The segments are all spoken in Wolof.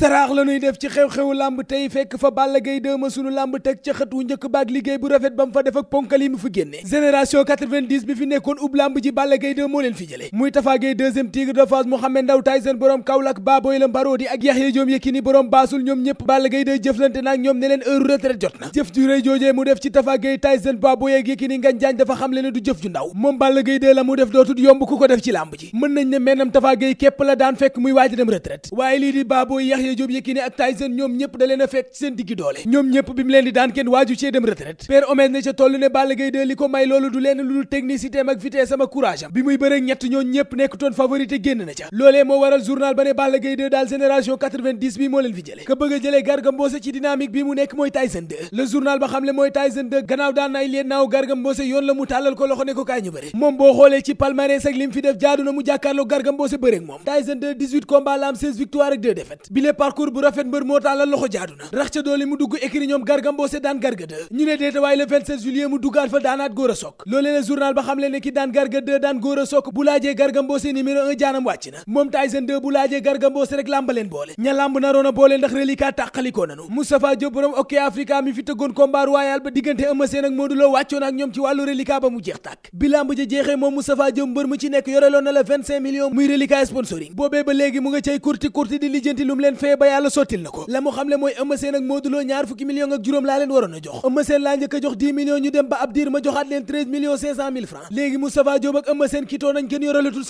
saraax la nuy def ci xew xew lamb tey fekk fa Balla Gaye 2 ma sunu lamb teg ca xët wu njëkk baak liggéey bu rafet ba mu fa def ak ponkal yi mu fi génne génération 90 bi fi nekkoon ub lamb ji Balla Gaye moo leen fi jële muy Tapha Gueye deuxième tigre de Fass Mohamed Ndaw Tyson borom Kaolack Baboy la Mbarodi ak Yaxya Joom Yekini borom baasul ñoom ñëpp Balla Gaye 2 jëflante naag ñoom ne leen heure retraite jot na jëf ju rëy joojee mu def ci Tapha Gueye Tyson Baboy ak Yekini ngañ jaañ xam le ne du jëf ju ndaw moom Balla Gaye la mu def dootul yomb ku ko def ci lamb ji mën nañ ne mennam Tapha Gueye la daan fekk muy waaj dem retraite waaye lii di Baboy Cheikh Diop ak Tyson ñoom ñëpp da fekk seen diggi doole ñoom ñëpp bi mu leen di daan kenn waaju cee dem retraite père Omès ne ca toll ne Balla Gaye 2 li ko may loolu du leen lu dul ak vitesse am ak bi muy bëre ñett ñoo ñëpp nekk toon favorité génn na ca loolee moo waral journal ba ne Balla Gaye 2 daal génération 90 bi moo leen fi jële ka bëgg a jëlee Garga ci dynamique bi mu nekk mooy Tyson 2 journal ba parcours bu rafet mbër moo tàllal loxo jaadu na rax ca doole mu dugg écrit ñoom Garga daan Garga ñu ne déete waaye le 27 juillet mu duggaat fa daanaat Gora Sock loolee la journal ba xamle ne ki daan Garga 2 daan Gora Sock bu laajee Garga Mbossé numéro jaanam wàcc na moom Tyson bu laajee Garga rek làmb boole ña làmb naroon a boole ndax reliquat tàqalikoo nanu Moustapha Diop borom OK Africa mi fi tëggoon combat fee ba yàlla sottil na ko la mu xamle mooy Eumeu Sène ñaar fukki millions ak juróom laa leen waroon jox Eumeu Sène léegi Moustapha Diop ak Eumeu Sène kitoo kenn yoralatul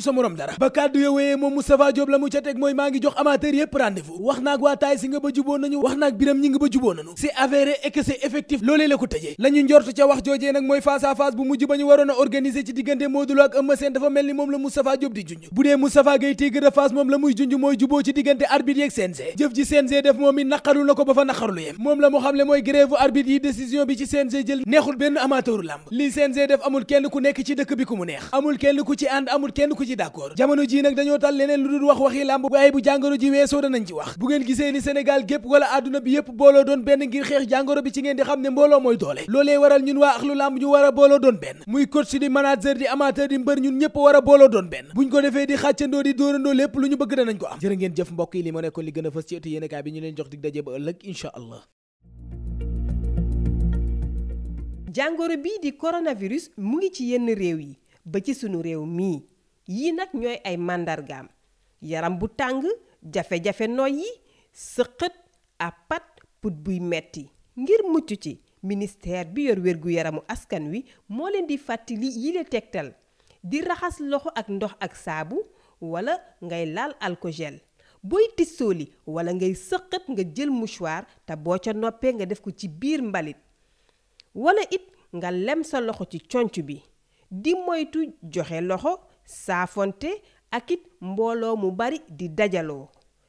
sa morom dara ba kàddu yo moom Moustapha Diop la mu ca teg mooy maa ngi jox amateur yépp rendez-vous wax naag waa taay si nga ba juboo nañu wax naag biram ñi nga ba juboo nañu c'est avéré et effectif loolee la ko tëjee lañu njort ca wax joojee nag mooy face face bu mujj ba ñu waroon a organiser ci diggante Modou Lo ak Eumeu Sène dafa mel ni moom la Moustapha Diop di junj bu dee Moustapha Gueye Tigre de moom la muy junj mooy juboo ci diggante arbitre yeeg CNG jëf ji CNG def moom it naqarlu na ko ba fa naqarlu yem moom la mu xamle mooy grève arbitre yi décision bi ci CNG jël neexul benn amateuru lamb li CNG def amul kenn ku nekk ci dëkk bi ku mu neex amul kenn ku ci ànd amul kenn ku ci d'accord booloo doon benn muy coach di manager di amateur di mbër ñun ñëpp war a booloo doon benn buñ ko defee di xàccandoo di dóorandoo lépp lu ñu bëgg danañ ko am jërë ngeen jëf li ma nekkoon li a ñu leen jox dig daje ba ëllëg incha allah jàngoro bii di coronavirus mu ngi ci yenn réew yi ba ci sunu réew mii yii nag ñooy ay màndargaam yaram bu tàng jafe-jafe noy yi sëqët apat put buy metti ngir mucc ci ministère bi yor wérgu yaramu askan wi moo leen di fàttali yile tegtal di raxas loxo ak ndox ak saabu wala ngay laal alcogel booy li walla ngay sëqat nga jël mouchoir te boo ca noppee nga def ko ci biir mbalit wala it nga lem sa loxo ci conc bi di moytu joxe loxo saafonte ak it mbooloo mu bari di dajaloo